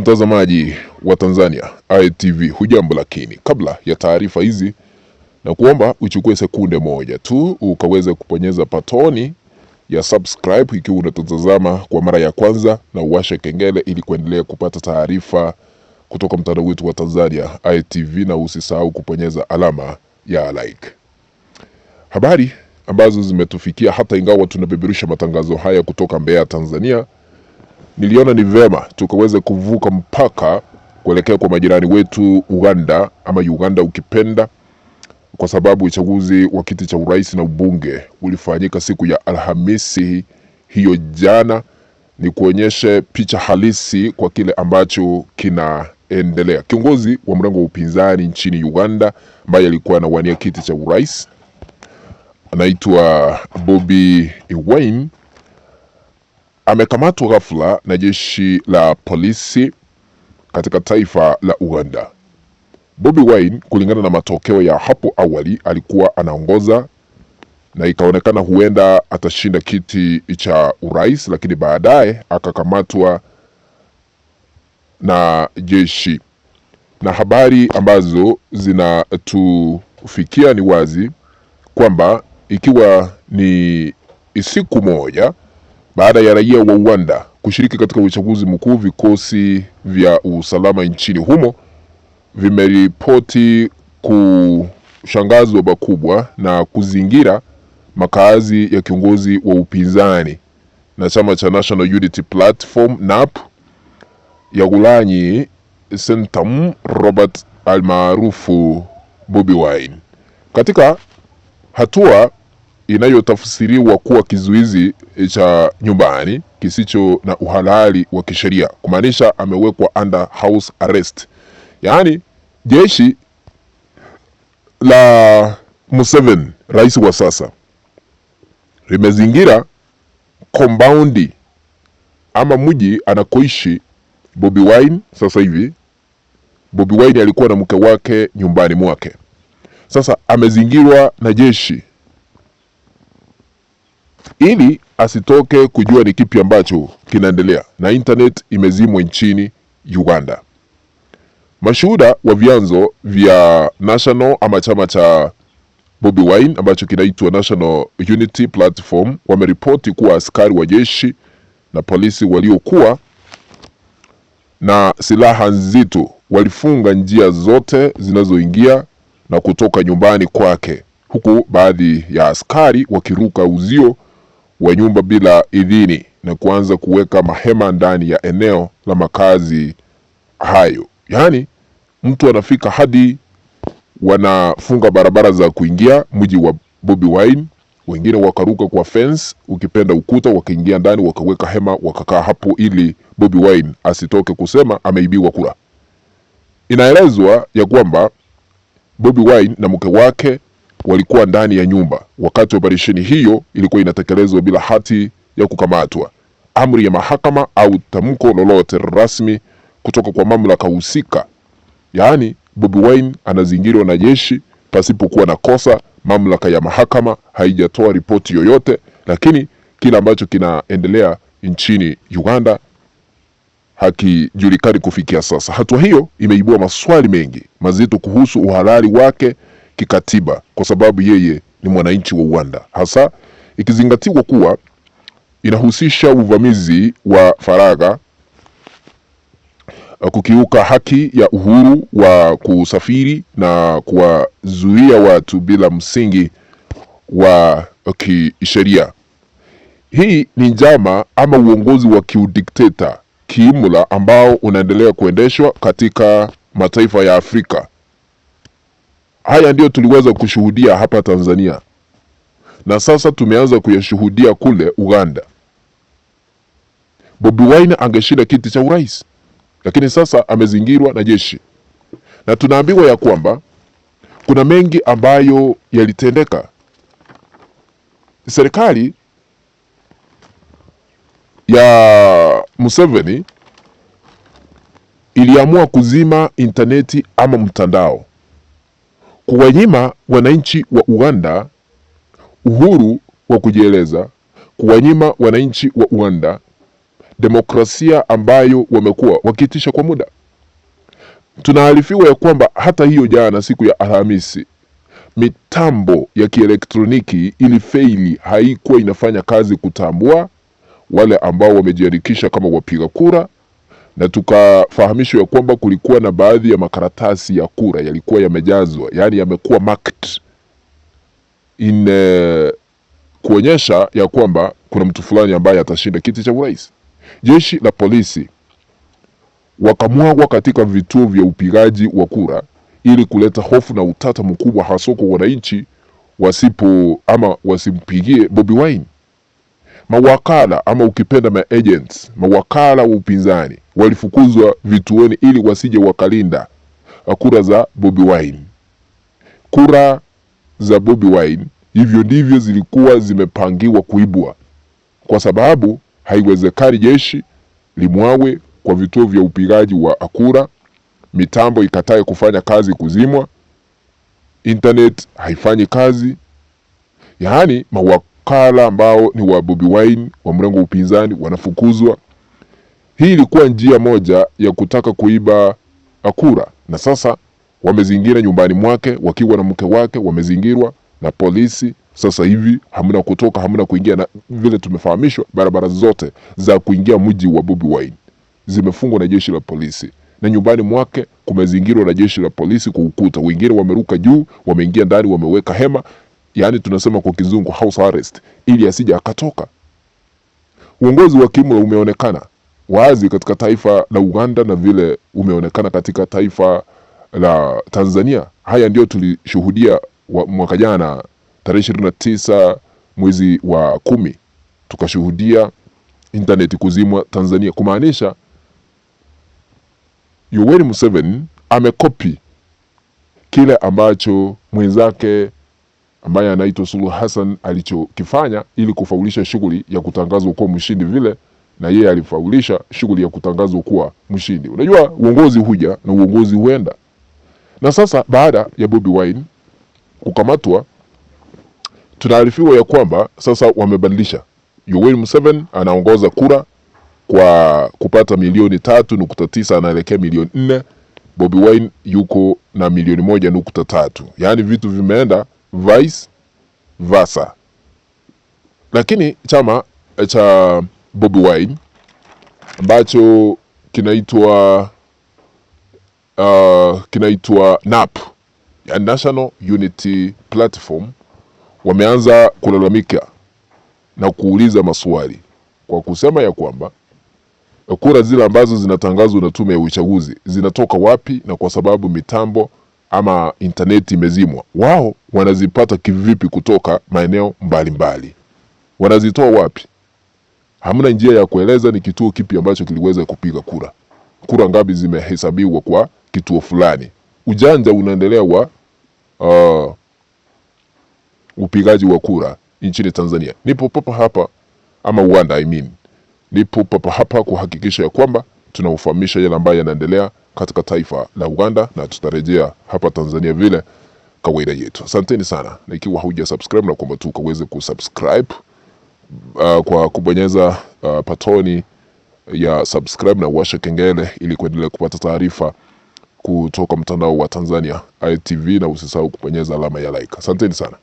Mtazamaji wa Tanzania ITV hujambo, lakini kabla ya taarifa hizi na kuomba uchukue sekunde moja tu ukaweze kuponyeza patoni ya subscribe ikiwa unatazama kwa mara ya kwanza, na uwashe kengele ili kuendelea kupata taarifa kutoka mtandao wetu wa Tanzania ITV, na usisahau kuponyeza alama ya like. Habari ambazo zimetufikia hata ingawa tunapeperusha matangazo haya kutoka Mbeya, Tanzania niliona ni vema tukaweze kuvuka mpaka kuelekea kwa majirani wetu Uganda ama Uganda ukipenda, kwa sababu uchaguzi wa kiti cha urais na ubunge ulifanyika siku ya Alhamisi hiyo jana. Ni kuonyeshe picha halisi kwa kile ambacho kinaendelea. Kiongozi wa mrengo wa upinzani nchini Uganda ambaye alikuwa anawania kiti cha urais anaitwa Bobi Wine amekamatwa ghafla na jeshi la polisi katika taifa la Uganda. Bobi Wine, kulingana na matokeo ya hapo awali, alikuwa anaongoza na ikaonekana huenda atashinda kiti cha urais, lakini baadaye akakamatwa na jeshi. Na habari ambazo zinatufikia ni wazi kwamba ikiwa ni siku moja baada ya raia wa Uganda kushiriki katika uchaguzi mkuu, vikosi vya usalama nchini humo vimeripoti kushangazwa pakubwa na kuzingira makazi ya kiongozi wa upinzani na chama cha National Unity Platform NUP Kyagulanyi Ssentamu Robert almaarufu Bobi Wine. Katika hatua inayotafsiriwa kuwa kizuizi eh, cha nyumbani kisicho na uhalali wa kisheria, kumaanisha amewekwa under house arrest. Yaani jeshi la Museveni, rais wa sasa, limezingira kombaundi ama mji anakoishi Bobi Wine sasa hivi. Bobi Wine alikuwa na mke wake nyumbani mwake, sasa amezingirwa na jeshi ili asitoke kujua ni kipi ambacho kinaendelea, na internet imezimwa nchini Uganda. Mashuhuda wa vyanzo vya National ama chama cha Bobi Wine ambacho kinaitwa National Unity Platform wameripoti kuwa askari wa jeshi na polisi waliokuwa na silaha nzito walifunga njia zote zinazoingia na kutoka nyumbani kwake, huku baadhi ya askari wakiruka uzio wa nyumba bila idhini na kuanza kuweka mahema ndani ya eneo la makazi hayo. Yaani mtu anafika hadi wanafunga barabara za kuingia mji wa Bobi Wine, wengine wakaruka kwa fence, ukipenda ukuta, wakaingia ndani wakaweka hema wakakaa hapo ili Bobi Wine asitoke kusema ameibiwa kura. Inaelezwa ya kwamba Bobi Wine na mke wake walikuwa ndani ya nyumba wakati wa operesheni hiyo ilikuwa inatekelezwa bila hati ya kukamatwa, amri ya mahakama au tamko lolote rasmi kutoka kwa mamlaka husika. Yaani, Bobi Wine anazingirwa na jeshi pasipokuwa na kosa. Mamlaka ya mahakama haijatoa ripoti yoyote, lakini kile ambacho kinaendelea nchini Uganda hakijulikani kufikia sasa. Hatua hiyo imeibua maswali mengi mazito kuhusu uhalali wake kikatiba, kwa sababu yeye ni mwananchi wa Uganda, hasa ikizingatiwa kuwa inahusisha uvamizi wa faragha, uh, kukiuka haki ya uhuru wa kusafiri na kuwazuia watu bila msingi wa kisheria. Hii ni njama ama uongozi wa kiudikteta kiimla ambao unaendelea kuendeshwa katika mataifa ya Afrika Haya ndiyo tuliweza kushuhudia hapa Tanzania na sasa tumeanza kuyashuhudia kule Uganda. Bobi Wine angeshinda kiti cha urais, lakini sasa amezingirwa na jeshi, na tunaambiwa ya kwamba kuna mengi ambayo yalitendeka. Serikali ya Museveni iliamua kuzima intaneti ama mtandao kuwanyima wananchi wa Uganda uhuru wa kujieleza, kuwanyima wananchi wa Uganda demokrasia ambayo wamekuwa wakiitisha kwa muda. Tunaarifiwa ya kwamba hata hiyo jana, siku ya Alhamisi, mitambo ya kielektroniki ilifeili, haikuwa inafanya kazi kutambua wale ambao wamejiandikisha kama wapiga kura na tukafahamishwa ya kwamba kulikuwa na baadhi ya makaratasi ya kura yalikuwa yamejazwa, yaani yamekuwa marked in uh, kuonyesha ya kwamba kuna mtu fulani ambaye atashinda kiti cha urais. Jeshi la polisi wakamwagwa katika vituo vya upigaji wa kura ili kuleta hofu na utata mkubwa, hasa kwa wananchi wasipo ama wasimpigie Bobi Wine mawakala ama ukipenda ma agents, mawakala wa upinzani walifukuzwa vituoni ili wasije wakalinda uh, kura za Bobi Wine, kura za Bobi Wine. Hivyo ndivyo zilikuwa zimepangiwa kuibwa, kwa sababu haiwezekani jeshi limwawe kwa vituo vya upigaji wa akura mitambo ikatae kufanya kazi, kuzimwa, internet haifanyi kazi, yaani wakala ambao ni wa Bobi Wine wa mrengo wa upinzani wanafukuzwa. Hii ilikuwa njia moja ya kutaka kuiba kura, na sasa wamezingira nyumbani mwake wakiwa na mke wake, wamezingirwa na polisi. Sasa hivi hamna kutoka, hamna kuingia, na vile tumefahamishwa, barabara zote za kuingia mji wa Bobi Wine zimefungwa na jeshi la polisi, na nyumbani mwake kumezingirwa na jeshi la polisi kwa ukuta. Wengine wameruka juu, wameingia ndani, wameweka hema yaani tunasema kwa kizungu house arrest, ili asije akatoka. Uongozi wa kimla umeonekana wazi katika taifa la Uganda na vile umeonekana katika taifa la Tanzania. Haya ndiyo tulishuhudia mwaka jana tarehe 29 mwezi wa kumi, tukashuhudia intaneti kuzimwa Tanzania, kumaanisha Yoweri Museveni amekopi kile ambacho mwenzake ambaye anaitwa Suluhu Hassan alichokifanya ili kufaulisha shughuli ya kutangazwa kuwa mshindi vile na yeye alifaulisha shughuli ya kutangazwa kuwa mshindi. Unajua, uongozi huja na uongozi huenda. Na sasa baada ya Bobi Wine kukamatwa, tunaarifiwa ya kwamba sasa wamebadilisha. Yoweri Museveni anaongoza kura kwa kupata milioni tatu nukta tisa anaelekea milioni nne. Bobi Wine yuko na milioni moja nukta tatu. Yaani vitu vimeenda vice versa. Lakini chama eh, cha Bobi Wine ambacho kinaitwa uh, kinaitwa NAP ya National Unity Platform wameanza kulalamika na kuuliza maswali kwa kusema ya kwamba eh, kura zile ambazo zinatangazwa na tume ya uchaguzi zinatoka wapi na kwa sababu mitambo ama intaneti imezimwa, wao wanazipata kivipi kutoka maeneo mbalimbali? Wanazitoa wapi? Hamna njia ya kueleza ni kituo kipi ambacho kiliweza kupiga kura, kura ngapi zimehesabiwa kwa kituo fulani. Ujanja unaendelea wa uh, upigaji wa kura nchini Tanzania. Nipo papa hapa ama Uganda, I mean nipo papa hapa kuhakikisha ya kwamba tunaufahamisha yale ambayo yanaendelea katika taifa la Uganda na tutarejea hapa Tanzania vile kawaida yetu. Asanteni sana, na ikiwa hauja subscribe na kwamba tu ukaweze kusubscribe uh, kwa kubonyeza uh, patoni ya subscribe na washa kengele ili kuendelea kupata taarifa kutoka mtandao wa Tanzania ITV, na usisahau kubonyeza alama ya like. Asanteni sana.